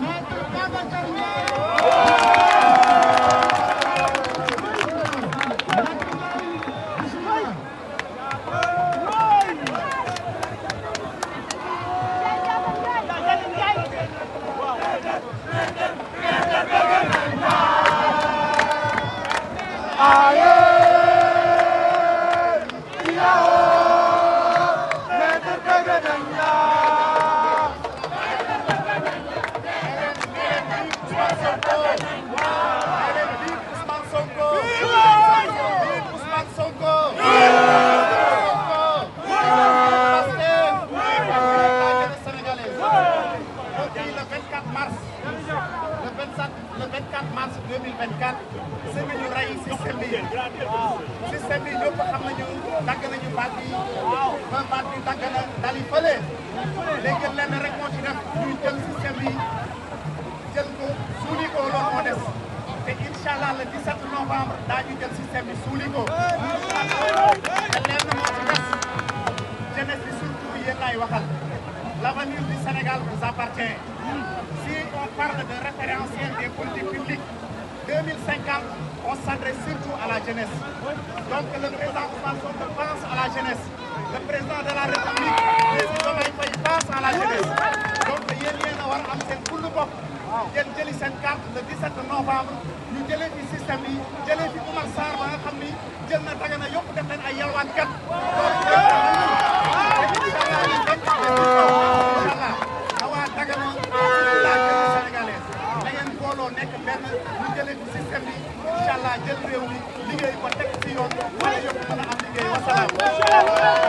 Maître Babacar Ndiaye 27 le 24 mars 2024 semaine yu rey système bi système bi ñëpp xam nañu dagg nañu baat yi ba baat bi dagg na dal yi fële léegi lenn rek moo ci def ñu jël système bi jël ko suuli ko loolu moo des te incha allah le 17 novembre daañu jël système bi suuli ko te lenn moo ci des jeunesse bi surtout yéen laay waxal L'avenir du Sénégal vous appartient. Si on parle de référentiel des politiques publiques, 2050, on s'adresse surtout à la jeunesse. Donc le président de pense à la jeunesse. Le président de la République, il pense à la jeunesse. Donc il y a le 17 novembre benn ñu jëlee ci système bi incha allah jël réew mi liggéey ko teg ci yoon wala yëpp mën a am liggéey wasalaam